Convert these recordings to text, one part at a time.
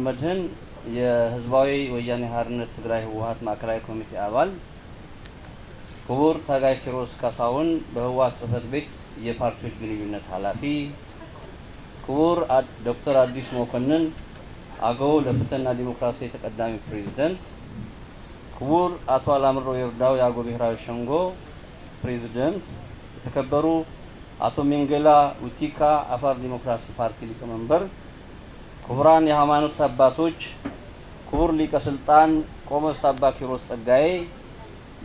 ገብረመድህን የህዝባዊ ወያኔ ሀርነት ትግራይ ህወሀት ማዕከላዊ ኮሚቴ አባል፣ ክቡር ታጋይ ኪሮስ ካሳሁን በህወሀት ጽህፈት ቤት የፓርቲዎች ግንኙነት ኃላፊ፣ ክቡር ዶክተር አዲስ መኮንን አገው ለፍትህና ዲሞክራሲ የተቀዳሚ ፕሬዚደንት፣ ክቡር አቶ አላምሮ የርዳው የአገው ብሔራዊ ሸንጎ ፕሬዚደንት፣ የተከበሩ አቶ ሜንገላ ውቲካ አፋር ዲሞክራሲ ፓርቲ ሊቀመንበር ክቡራን የሃይማኖት አባቶች፣ ክቡር ሊቀ ስልጣን ቆመስ አባ ኪሮስ ጸጋዬ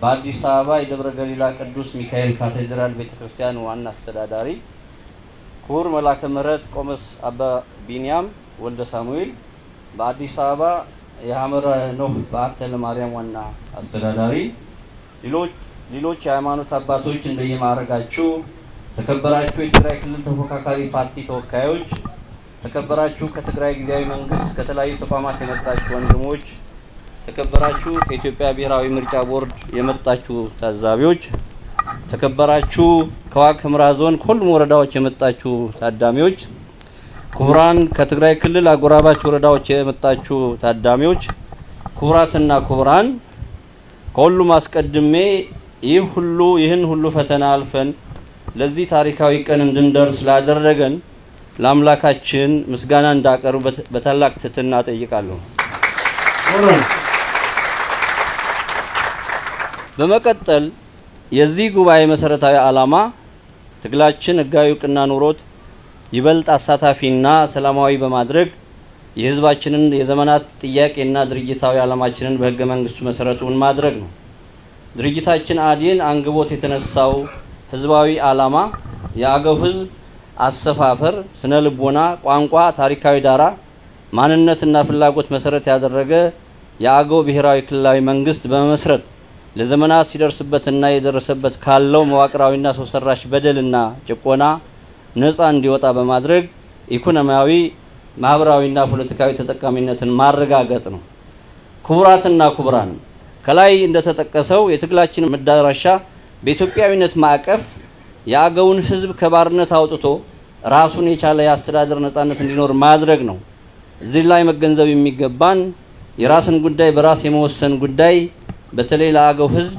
በአዲስ አበባ የደብረ ገሊላ ቅዱስ ሚካኤል ካቴድራል ቤተክርስቲያን ዋና አስተዳዳሪ፣ ክቡር መላከ ምሕረት ቆመስ አባ ቢንያም ወልደ ሳሙኤል በአዲስ አበባ የሐመረ ኖህ በዓተ ለማርያም ዋና አስተዳዳሪ፣ ሌሎች የሃይማኖት አባቶች እንደየማዕረጋችሁ ተከበራችሁ የትግራይ ክልል ተፎካካሪ ፓርቲ ተወካዮች ተከበራችሁ ከትግራይ ጊዜያዊ መንግስት ከተለያዩ ተቋማት የመጣችሁ ወንድሞች፣ ተከበራችሁ ከኢትዮጵያ ብሔራዊ ምርጫ ቦርድ የመጣችሁ ታዛቢዎች፣ ተከበራችሁ ከዋግ ዞን ከሁሉም ወረዳዎች የመጣችሁ ታዳሚዎች፣ ክቡራን ከትግራይ ክልል አጎራባች ወረዳዎች የመጣችሁ ታዳሚዎች፣ ክቡራትና ክቡራን ከሁሉም አስቀድሜ ይህ ሁሉ ይህን ሁሉ ፈተና አልፈን ለዚህ ታሪካዊ ቀን እንድንደርስ ላደረገን ለአምላካችን ምስጋና እንዳቀርቡ በታላቅ ትህትና ጠይቃለሁ። በመቀጠል የዚህ ጉባኤ መሰረታዊ ዓላማ ትግላችን ህጋዊ እውቅና ኑሮት ይበልጥ አሳታፊና ሰላማዊ በማድረግ የህዝባችንን የዘመናት ጥያቄና ድርጅታዊ ዓላማችንን በህገ መንግስቱ መሰረቱን ማድረግ ነው። ድርጅታችን አዴን አንግቦት የተነሳው ህዝባዊ ዓላማ የአገው ህዝብ አሰፋፈር፣ ስነ ልቦና፣ ቋንቋ፣ ታሪካዊ ዳራ፣ ማንነትና ፍላጎት መሰረት ያደረገ የአገው ብሔራዊ ክልላዊ መንግስት በመመስረት ለዘመናት ሲደርስበትና የደረሰበት ካለው መዋቅራዊና ሰው ሰራሽ በደልና ጭቆና ነፃ እንዲወጣ በማድረግ ኢኮኖሚያዊ፣ ማህበራዊና ፖለቲካዊ ተጠቃሚነትን ማረጋገጥ ነው። ክቡራትና ክቡራን ከላይ እንደተጠቀሰው የትግላችን መዳረሻ በኢትዮጵያዊነት ማዕቀፍ የአገውን ህዝብ ከባርነት አውጥቶ ራሱን የቻለ የአስተዳደር ነጻነት እንዲኖር ማድረግ ነው። እዚህ ላይ መገንዘብ የሚገባን የራስን ጉዳይ በራስ የመወሰን ጉዳይ በተለይ ለአገው ሕዝብ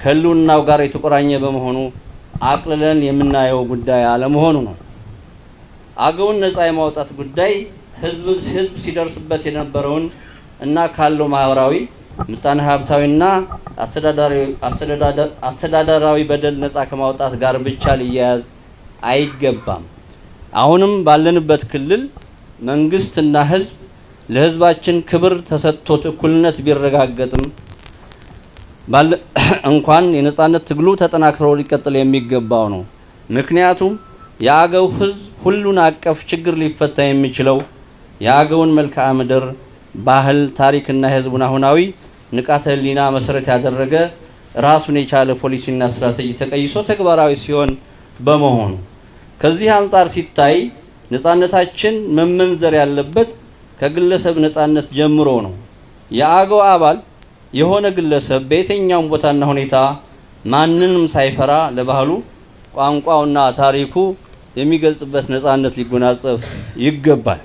ከህልውናው ጋር የተቆራኘ በመሆኑ አቅልለን የምናየው ጉዳይ አለመሆኑ ነው። አገውን ነጻ የማውጣት ጉዳይ ህዝብ ህዝብ ሲደርስበት የነበረውን እና ካለው ማህበራዊ ምጣኔ ሀብታዊና አስተዳደራዊ በደል ነጻ ከማውጣት ጋር ብቻ ሊያያዝ አይገባም። አሁንም ባለንበት ክልል መንግስትና ህዝብ ለህዝባችን ክብር ተሰጥቶት እኩልነት ቢረጋገጥም እንኳን የነጻነት ትግሉ ተጠናክሮ ሊቀጥል የሚገባው ነው። ምክንያቱም የአገው ህዝብ ሁሉን አቀፍ ችግር ሊፈታ የሚችለው የአገውን መልክዓ ምድር፣ ባህል፣ ታሪክና የህዝቡን አሁናዊ ንቃተ ህሊና መሰረት ያደረገ ራሱን የቻለ ፖሊሲና ስትራቴጂ ተቀይሶ ተግባራዊ ሲሆን በመሆኑ ከዚህ አንጻር ሲታይ ነፃነታችን መመንዘር ያለበት ከግለሰብ ነፃነት ጀምሮ ነው። የአገው አባል የሆነ ግለሰብ በየትኛውም ቦታና ሁኔታ ማንንም ሳይፈራ ለባህሉ ቋንቋውና ታሪኩ የሚገልጽበት ነፃነት ሊጎናጸፍ ይገባል።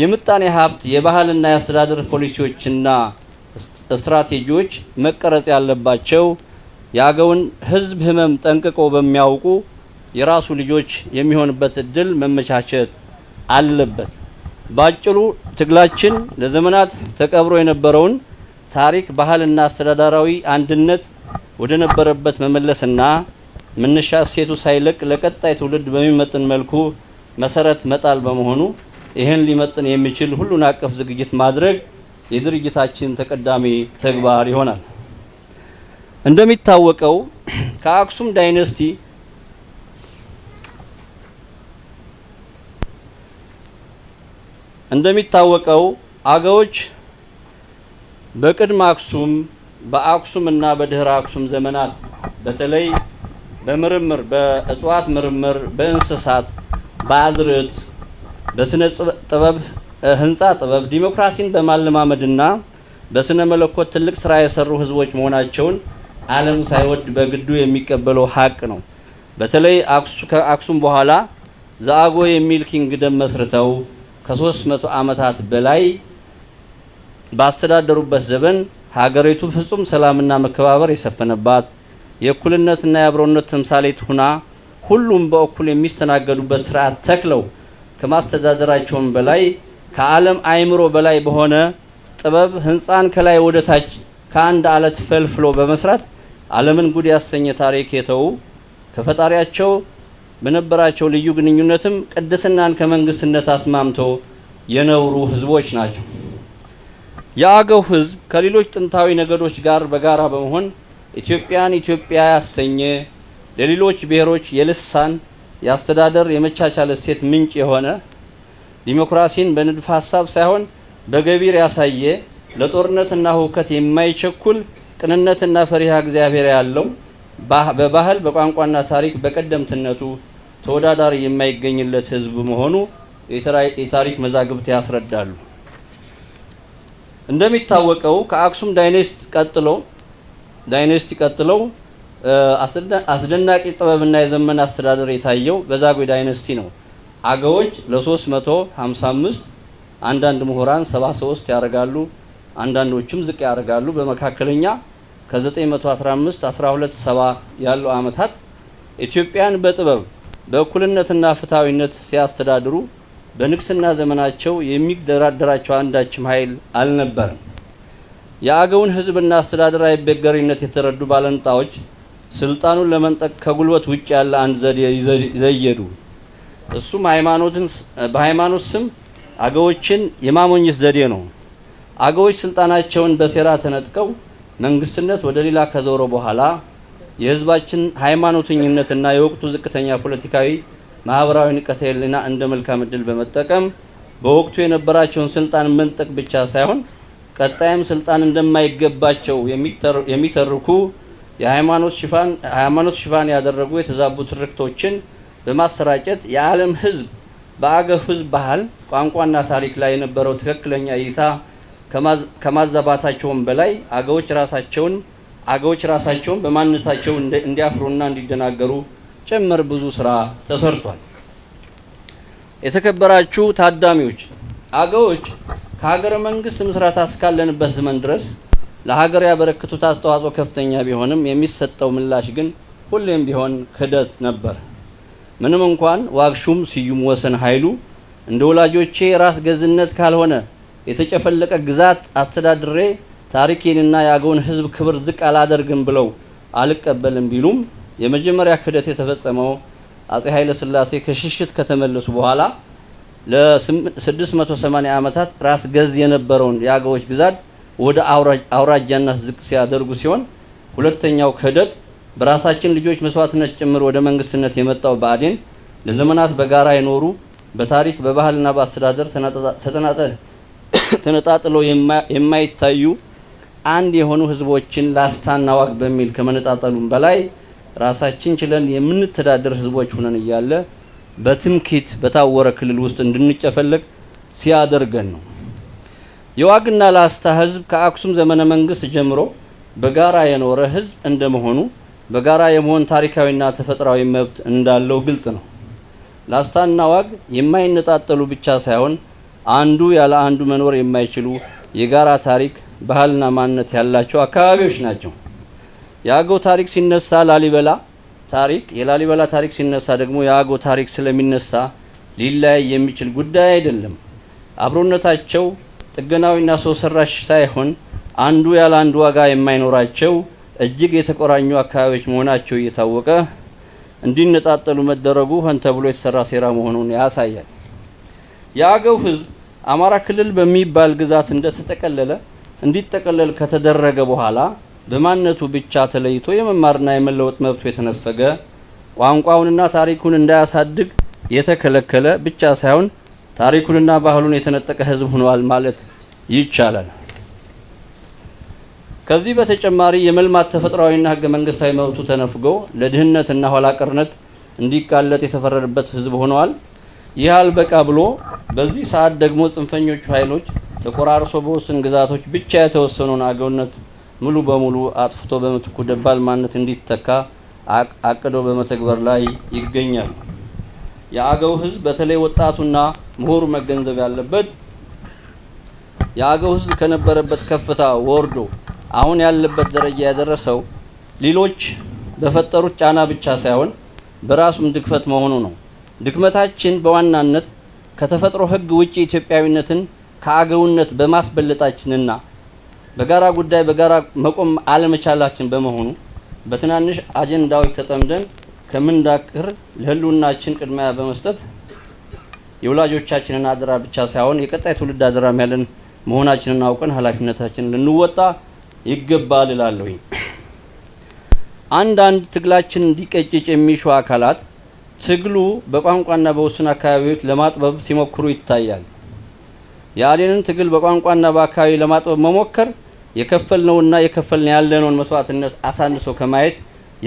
የምጣኔ ሀብት የባህልና የአስተዳደር ፖሊሲዎችና ስትራቴጂዎች መቀረጽ ያለባቸው የአገውን ሕዝብ ህመም ጠንቅቆ በሚያውቁ የራሱ ልጆች የሚሆንበት እድል መመቻቸት አለበት። ባጭሩ ትግላችን ለዘመናት ተቀብሮ የነበረውን ታሪክ፣ ባህልና አስተዳደራዊ አንድነት ወደ ነበረበት መመለስና መነሻ እሴቱ ሳይለቅ ለቀጣይ ትውልድ በሚመጥን መልኩ መሰረት መጣል በመሆኑ ይህን ሊመጥን የሚችል ሁሉን አቀፍ ዝግጅት ማድረግ የድርጅታችን ተቀዳሚ ተግባር ይሆናል። እንደሚታወቀው ከአክሱም ዳይነስቲ እንደሚታወቀው አገዎች በቅድመ አክሱም በአክሱም እና በድህረ አክሱም ዘመናት በተለይ በምርምር በእጽዋት ምርምር፣ በእንስሳት፣ በአዝርዕት፣ በስነ ጥበብ፣ ህንጻ ጥበብ ዲሞክራሲን በማለማመድና በስነ መለኮት ትልቅ ስራ የሰሩ ህዝቦች መሆናቸውን ዓለም ሳይወድ በግዱ የሚቀበለው ሀቅ ነው። በተለይ ከአክሱም በኋላ ዘአጎ የሚል ኪንግደም መስርተው ከሶስት መቶ አመታት በላይ ባስተዳደሩበት ዘመን ሀገሪቱ ፍጹም ሰላምና መከባበር የሰፈነባት የእኩልነትና የአብሮነት ተምሳሌት ሁና ሁሉም በእኩል የሚስተናገዱበት ስርዓት ተክለው ከማስተዳደራቸውም በላይ ከዓለም አእምሮ በላይ በሆነ ጥበብ ህንፃን ከላይ ወደ ታች ከአንድ አለት ፈልፍሎ በመስራት ዓለምን ጉድ ያሰኘ ታሪክ የተዉ ከፈጣሪያቸው በነበራቸው ልዩ ግንኙነትም ቅድስናን ከመንግስትነት አስማምቶ የነውሩ ህዝቦች ናቸው። የአገው ህዝብ ከሌሎች ጥንታዊ ነገዶች ጋር በጋራ በመሆን ኢትዮጵያን ኢትዮጵያ ያሰኘ ለሌሎች ብሔሮች የልሳን፣ የአስተዳደር፣ የመቻቻል እሴት ምንጭ የሆነ ዲሞክራሲን በንድፈ ሀሳብ ሳይሆን በገቢር ያሳየ ለጦርነትና ሁከት የማይቸኩል ቅንነትና ፈሪሃ እግዚአብሔር ያለው በባህል በቋንቋና ታሪክ በቀደምትነቱ ተወዳዳሪ የማይገኝለት ህዝብ መሆኑ የታሪክ መዛግብት ያስረዳሉ። እንደሚታወቀው ከአክሱም ዳይኔስቲ ቀጥሎ ዳይኔስቲ ቀጥለው አስደናቂ ጥበብና የዘመን አስተዳደር የታየው በዛጉዌ ዳይነስቲ ነው። አገዎች ለ355 አንዳንድ ምሁራን 73 ያደርጋሉ፣ አንዳንዶቹም ዝቅ ያደርጋሉ። በመካከለኛ ከ915 1270 ያሉ ዓመታት ኢትዮጵያን በጥበብ በእኩልነትና ፍትሐዊነት ሲያስተዳድሩ በንግስና ዘመናቸው የሚደራደራቸው አንዳችም ኃይል አልነበርም። የአገውን ህዝብና አስተዳደር አይበገሪነት የተረዱ ባለንጣዎች ስልጣኑን ለመንጠቅ ከጉልበት ውጭ ያለ አንድ ዘዴ ይዘየዱ እሱም ሃይማኖትን በሃይማኖት ስም አገዎችን የማሞኝስ ዘዴ ነው። አገዎች ስልጣናቸውን በሴራ ተነጥቀው መንግስትነት ወደ ሌላ ከዞረ በኋላ የህዝባችን ሃይማኖተኝነትና የወቅቱ ዝቅተኛ ፖለቲካዊ፣ ማህበራዊ ንቀተ ህሊና እንደ መልካም እድል በመጠቀም በወቅቱ የነበራቸውን ስልጣን መንጠቅ ብቻ ሳይሆን ቀጣይም ስልጣን እንደማይገባቸው የሚተርኩ የሃይማኖት ሽፋን ያደረጉ የተዛቡ ትርክቶችን በማሰራጨት የዓለም ህዝብ በአገር ህዝብ ባህል፣ ቋንቋና ታሪክ ላይ የነበረው ትክክለኛ እይታ ከማዛባታቸውም በላይ አገዎች ራሳቸውን አገዎች ራሳቸውን በማንነታቸው እንዲያፍሩና እንዲደናገሩ ጭምር ብዙ ስራ ተሰርቷል። የተከበራችሁ ታዳሚዎች፣ አገዎች ከሀገረ መንግስት ምስራት እስካለንበት ዘመን ድረስ ለሀገር ያበረክቱት አስተዋጽኦ ከፍተኛ ቢሆንም የሚሰጠው ምላሽ ግን ሁሌም ቢሆን ክደት ነበር። ምንም እንኳን ዋግሹም ስዩም ወሰን ኃይሉ እንደ ወላጆቼ ራስ ገዝነት ካልሆነ የተጨፈለቀ ግዛት አስተዳድሬ ታሪኬንና የአገውን ህዝብ ክብር ዝቅ አላደርግም ብለው አልቀበልም ቢሉም የመጀመሪያ ክህደት የተፈጸመው አጼ ኃይለ ስላሴ ከሽሽት ከተመለሱ በኋላ ለ680 ዓመታት ራስ ገዝ የነበረውን የአገዎች ግዛት ወደ አውራጃነት ዝቅ ሲያደርጉ ሲሆን ሁለተኛው ክህደት በራሳችን ልጆች መስዋዕትነት ጭምር ወደ መንግስትነት የመጣው ብአዴን ለዘመናት በጋራ የኖሩ በታሪክ በባህልና በአስተዳደር ተጠናጠ ተነጣጥለው የማይታዩ አንድ የሆኑ ህዝቦችን ላስታና ዋግ በሚል ከመነጣጠሉም በላይ ራሳችን ችለን የምንተዳደር ህዝቦች ሆነን እያለ በትምኪት በታወረ ክልል ውስጥ እንድንጨፈለቅ ሲያደርገን ነው። የዋግና ላስታ ህዝብ ከአክሱም ዘመነ መንግስት ጀምሮ በጋራ የኖረ ህዝብ እንደመሆኑ በጋራ የመሆን ታሪካዊና ተፈጥሯዊ መብት እንዳለው ግልጽ ነው። ላስታና ዋግ የማይነጣጠሉ ብቻ ሳይሆን አንዱ ያለ አንዱ መኖር የማይችሉ የጋራ ታሪክ፣ ባህልና ማንነት ያላቸው አካባቢዎች ናቸው። የአገው ታሪክ ሲነሳ ላሊበላ ታሪክ፣ የላሊበላ ታሪክ ሲነሳ ደግሞ የአገው ታሪክ ስለሚነሳ ሊለያይ የሚችል ጉዳይ አይደለም። አብሮነታቸው ጥገናዊና ሰው ሰራሽ ሳይሆን አንዱ ያለ አንዱ ዋጋ የማይኖራቸው እጅግ የተቆራኙ አካባቢዎች መሆናቸው እየታወቀ እንዲነጣጠሉ መደረጉ ሆን ተብሎ የተሰራ ሴራ መሆኑን ያሳያል። የአገው ህዝብ አማራ ክልል በሚባል ግዛት እንደተጠቀለለ እንዲጠቀለል ከተደረገ በኋላ በማንነቱ ብቻ ተለይቶ የመማርና የመለወጥ መብቱ የተነፈገ ቋንቋውንና ታሪኩን እንዳያሳድግ የተከለከለ ብቻ ሳይሆን ታሪኩንና ባህሉን የተነጠቀ ሕዝብ ሆኗል ማለት ይቻላል። ከዚህ በተጨማሪ የመልማት ተፈጥሯዊና ህገ መንግስታዊ መብቱ ተነፍጎ ለድህነትና ኋላ እንዲቃለጥ የተፈረደበት ሕዝብ ሆኗል። ይህ አልበቃ ብሎ በዚህ ሰዓት ደግሞ ጽንፈኞቹ ኃይሎች ተቆራርሶ በወሰን ግዛቶች ብቻ የተወሰኑን አገውነት ሙሉ በሙሉ አጥፍቶ በምትኩ ደባል ማነት እንዲተካ አቅዶ በመተግበር ላይ ይገኛል። የአገው ህዝብ በተለይ ወጣቱና ምሁር መገንዘብ ያለበት የአገው ህዝብ ከነበረበት ከፍታ ወርዶ አሁን ያለበት ደረጃ ያደረሰው ሌሎች በፈጠሩት ጫና ብቻ ሳይሆን በራሱም ድክፈት መሆኑ ነው። ድክመታችን በዋናነት ከተፈጥሮ ሕግ ውጪ ኢትዮጵያዊነትን ከአገውነት በማስበለጣችንና በጋራ ጉዳይ በጋራ መቆም አለመቻላችን በመሆኑ በትናንሽ አጀንዳዎች ተጠምደን ከምንዳክር ለህልውናችን ቅድሚያ በመስጠት የወላጆቻችንን አደራ ብቻ ሳይሆን የቀጣይ ትውልድ አደራም ያለን መሆናችንን አውቀን ኃላፊነታችንን ልንወጣ ይገባል እላለሁኝ። አንዳንድ ትግላችን እንዲቀጭጭ የሚሹ አካላት ትግሉ በቋንቋና በውስን አካባቢዎች ለማጥበብ ሲሞክሩ ይታያል። የአሌንን ትግል በቋንቋና በአካባቢ ለማጥበብ መሞከር የከፈልነውና የከፈልን ያለነውን መስዋዕትነት አሳንሶ ከማየት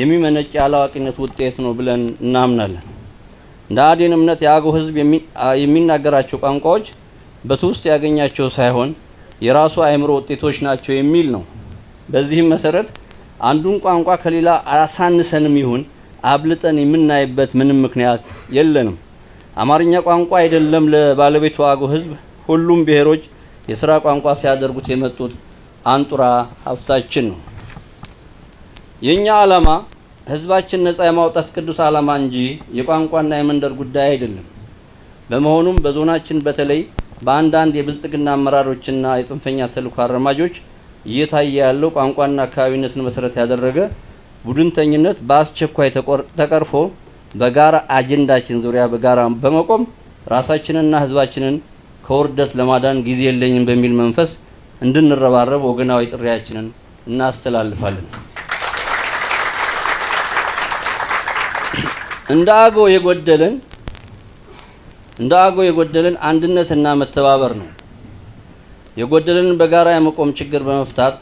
የሚመነጭ የአላዋቂነት ውጤት ነው ብለን እናምናለን። እንደ አዴን እምነት የአገው ሕዝብ የሚናገራቸው ቋንቋዎች በትውስጥ ያገኛቸው ሳይሆን የራሱ አእምሮ ውጤቶች ናቸው የሚል ነው። በዚህም መሰረት አንዱን ቋንቋ ከሌላ አላሳንሰንም ይሁን አብልጠን የምናይበት ምንም ምክንያት የለንም። አማርኛ ቋንቋ አይደለም ለባለቤቱ አጎ ህዝብ ሁሉም ብሔሮች የስራ ቋንቋ ሲያደርጉት የመጡት አንጡራ ሀብታችን ነው። የኛ ዓላማ ህዝባችን ነጻ የማውጣት ቅዱስ ዓላማ እንጂ የቋንቋና የመንደር ጉዳይ አይደለም። በመሆኑም በዞናችን በተለይ በአንዳንድ የብልጽግና አመራሮችና የጽንፈኛ ተልዕኮ አራማጆች እየታየ ያለው ቋንቋና አካባቢነትን መሰረት ያደረገ ቡድንተኝነት በአስቸኳይ ተቀርፎ በጋራ አጀንዳችን ዙሪያ በጋራ በመቆም ራሳችንና ህዝባችንን ከውርደት ለማዳን ጊዜ የለኝም በሚል መንፈስ እንድንረባረብ ወገናዊ ጥሪያችንን እናስተላልፋለን። እንደ አጎ የጎደለን እንደ አጎ የጎደለን አንድነትና መተባበር ነው። የጎደልን በጋራ የመቆም ችግር በመፍታት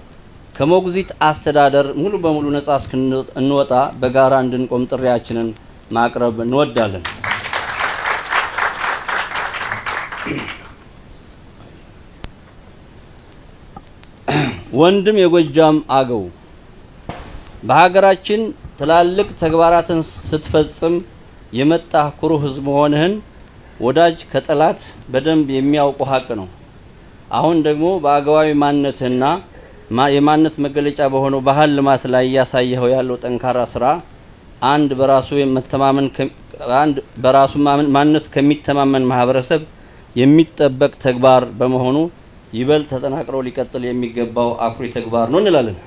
ከሞግዚት አስተዳደር ሙሉ በሙሉ ነጻ እስክንወጣ በጋራ እንድንቆም ጥሪያችንን ማቅረብ እንወዳለን። ወንድም የጎጃም አገው በሀገራችን ትላልቅ ተግባራትን ስትፈጽም የመጣ ኩሩ ህዝብ መሆንህን ወዳጅ ከጠላት በደንብ የሚያውቁ ሀቅ ነው። አሁን ደግሞ በአገባዊ ማንነትህና የማንነት መገለጫ በሆነው ባህል ልማት ላይ እያሳየኸው ያለው ጠንካራ ስራ አንድ በራሱ የመተማመን አንድ በራሱ ማንነት ከሚተማመን ማህበረሰብ የሚጠበቅ ተግባር በመሆኑ ይበልጥ ተጠናክሮ ሊቀጥል የሚገባው አኩሪ ተግባር ነው እንላለን።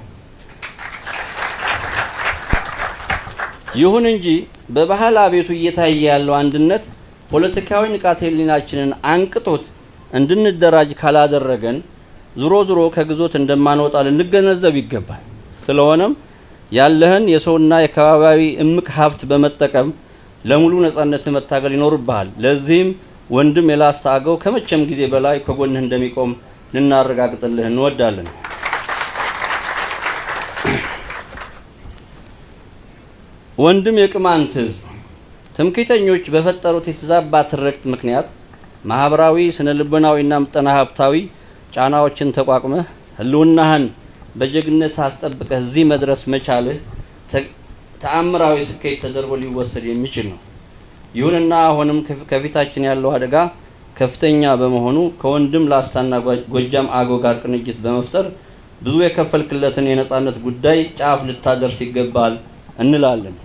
ይሁን እንጂ በባህል አቤቱ እየታየ ያለው አንድነት ፖለቲካዊ ንቃተ ህሊናችንን አንቅቶት እንድንደራጅ ካላደረገን ዙሮ ዙሮ ከግዞት እንደማንወጣ ልንገነዘብ ይገባል። ስለሆነም ያለህን የሰውና የከባቢያዊ እምቅ ሀብት በመጠቀም ለሙሉ ነጻነት መታገል ይኖርብሃል። ለዚህም ወንድም የላስታ አገው ከመቼም ጊዜ በላይ ከጎንህ እንደሚቆም ልናረጋግጥልህ እንወዳለን። ወንድም የቅማንት ህዝብ ትምክህተኞች በፈጠሩት የተዛባ ትርክት ምክንያት ማህበራዊ፣ ስነ ልቦናዊና ምጣኔ ሀብታዊ ጫናዎችን ተቋቁመህ ህልውናህን በጀግነት አስጠብቀህ እዚህ መድረስ መቻልህ ተአምራዊ ስኬት ተደርጎ ሊወሰድ የሚችል ነው። ይሁንና አሁንም ከፊታችን ያለው አደጋ ከፍተኛ በመሆኑ ከወንድም ላስታና ጎጃም አገው ጋር ቅንጅት በመፍጠር ብዙ የከፈልክለትን የነጻነት ጉዳይ ጫፍ ልታደርስ ይገባል እንላለን።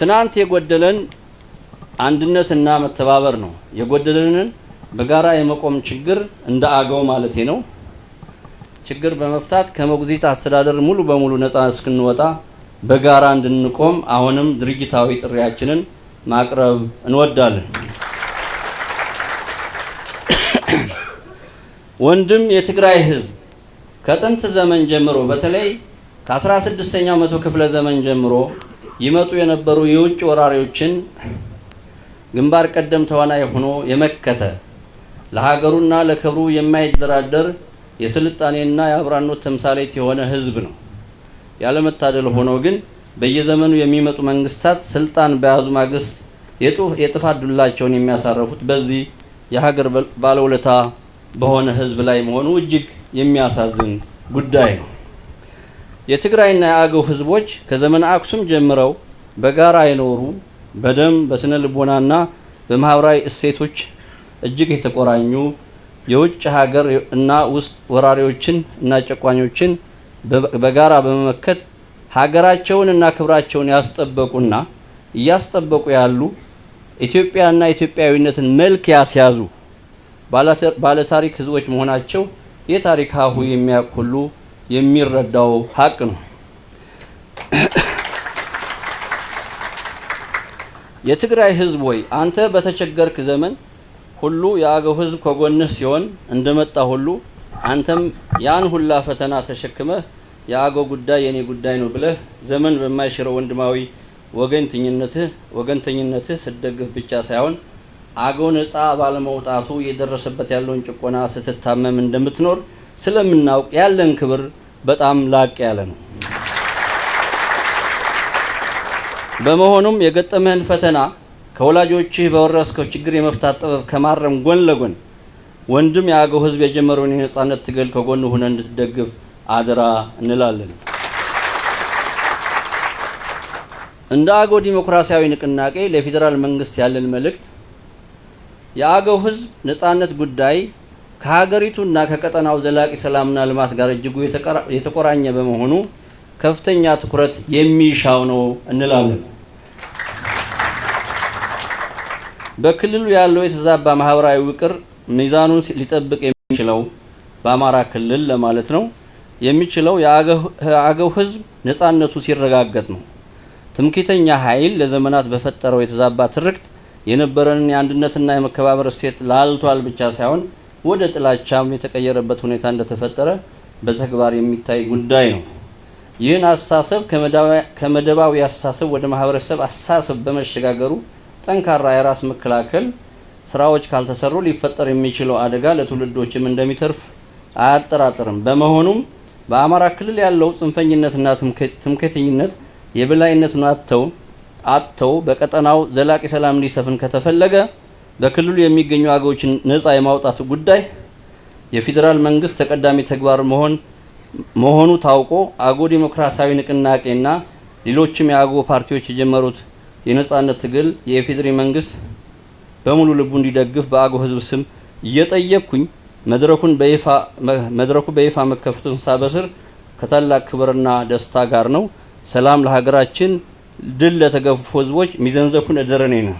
ትናንት የጎደለን አንድነትና መተባበር ነው። የጎደለንን በጋራ የመቆም ችግር እንደ አገው ማለቴ ነው ችግር በመፍታት ከሞግዚት አስተዳደር ሙሉ በሙሉ ነጻ እስክንወጣ በጋራ እንድንቆም አሁንም ድርጅታዊ ጥሪያችንን ማቅረብ እንወዳለን። ወንድም የትግራይ ህዝብ ከጥንት ዘመን ጀምሮ በተለይ ከ16ኛው መቶ ክፍለ ዘመን ጀምሮ ይመጡ የነበሩ የውጭ ወራሪዎችን ግንባር ቀደም ተዋናይ ሆኖ የመከተ ለሀገሩና ለክብሩ የማይደራደር የስልጣኔና የአብራኖት ተምሳሌት የሆነ ህዝብ ነው። ያለመታደል ሆኖ ግን በየዘመኑ የሚመጡ መንግስታት ስልጣን በያዙ ማግስት የጥፋት ዱላቸውን የሚያሳረፉት በዚህ የሀገር ባለውለታ በሆነ ህዝብ ላይ መሆኑ እጅግ የሚያሳዝን ጉዳይ ነው። የትግራይና የአገው ህዝቦች ከዘመነ አክሱም ጀምረው በጋራ የኖሩ በደም በስነ ልቦናና በማህበራዊ እሴቶች እጅግ የተቆራኙ የውጭ ሀገር እና ውስጥ ወራሪዎችን እና ጨቋኞችን በጋራ በመመከት ሀገራቸውን እና ክብራቸውን ያስጠበቁና እያስጠበቁ ያሉ ኢትዮጵያና ኢትዮጵያዊነትን መልክ ያስያዙ ባለታሪክ ህዝቦች መሆናቸው የታሪክ ሀሁ የሚያውቅ ሁሉ የሚረዳው ሀቅ ነው። የትግራይ ህዝብ ወይ አንተ በተቸገርክ ዘመን ሁሉ የአገው ህዝብ ከጎንህ ሲሆን እንደመጣ ሁሉ አንተም ያን ሁላ ፈተና ተሸክመህ የአገው ጉዳይ የኔ ጉዳይ ነው ብለህ ዘመን በማይሽረው ወንድማዊ ወገንተኝነትህ ወገንተኝነትህ ስትደግፍ ብቻ ሳይሆን አገው ነጻ ባለመውጣቱ የደረሰበት ያለውን ጭቆና ስትታመም እንደምትኖር ስለምናውቅ ያለን ክብር በጣም ላቅ ያለ ነው። በመሆኑም የገጠመህን ፈተና ከወላጆችህ በወረስከው ችግር የመፍታት ጥበብ ከማረም ጎን ለጎን ወንድም የአገው ህዝብ የጀመረውን የነጻነት ትግል ከጎን ሆነ እንድትደግፍ አደራ እንላለን። እንደ አገው ዲሞክራሲያዊ ንቅናቄ ለፌዴራል መንግስት ያለን መልእክት የአገው ህዝብ ነጻነት ጉዳይ ከሀገሪቱና ከቀጠናው ዘላቂ ሰላምና ልማት ጋር እጅጉ የተቆራኘ በመሆኑ ከፍተኛ ትኩረት የሚሻው ነው እንላለን። በክልሉ ያለው የተዛባ ማህበራዊ ውቅር ሚዛኑን ሊጠብቅ የሚችለው በአማራ ክልል ለማለት ነው የሚችለው የአገው ህዝብ ነጻነቱ ሲረጋገጥ ነው። ትምክህተኛ ኃይል ለዘመናት በፈጠረው የተዛባ ትርክት የነበረንን የአንድነትና የመከባበር እሴት ላልቷል ብቻ ሳይሆን ወደ ጥላቻም የተቀየረበት ሁኔታ እንደተፈጠረ በተግባር የሚታይ ጉዳይ ነው። ይህን አስተሳሰብ ከመደባዊ አስተሳሰብ ወደ ማህበረሰብ አስተሳሰብ በመሸጋገሩ ጠንካራ የራስ መከላከል ስራዎች ካልተሰሩ ሊፈጠር የሚችለው አደጋ ለትውልዶችም እንደሚተርፍ አያጠራጥርም። በመሆኑም በአማራ ክልል ያለው ጽንፈኝነትና ትምክህተኝነት የበላይነቱን አጥተው አጥተው በቀጠናው ዘላቂ ሰላም እንዲሰፍን ከተፈለገ በክልሉ የሚገኙ አገዎችን ነጻ የማውጣት ጉዳይ የፌዴራል መንግስት ተቀዳሚ ተግባር መሆን መሆኑ ታውቆ አጎ ዴሞክራሲያዊ ንቅናቄና ሌሎችም የአጎ ፓርቲዎች የጀመሩት የነጻነት ትግል የኢፌዴሪ መንግስት በሙሉ ልቡ እንዲደግፍ በአገው ህዝብ ስም እየጠየቅኩኝ መድረኩን በይፋ መድረኩ በይፋ መከፈቱን ሳበስር ከታላቅ ክብርና ደስታ ጋር ነው። ሰላም ለሀገራችን፣ ድል ለተገፉ ህዝቦች። ሚዘንዘኩን እደረኔ ነው።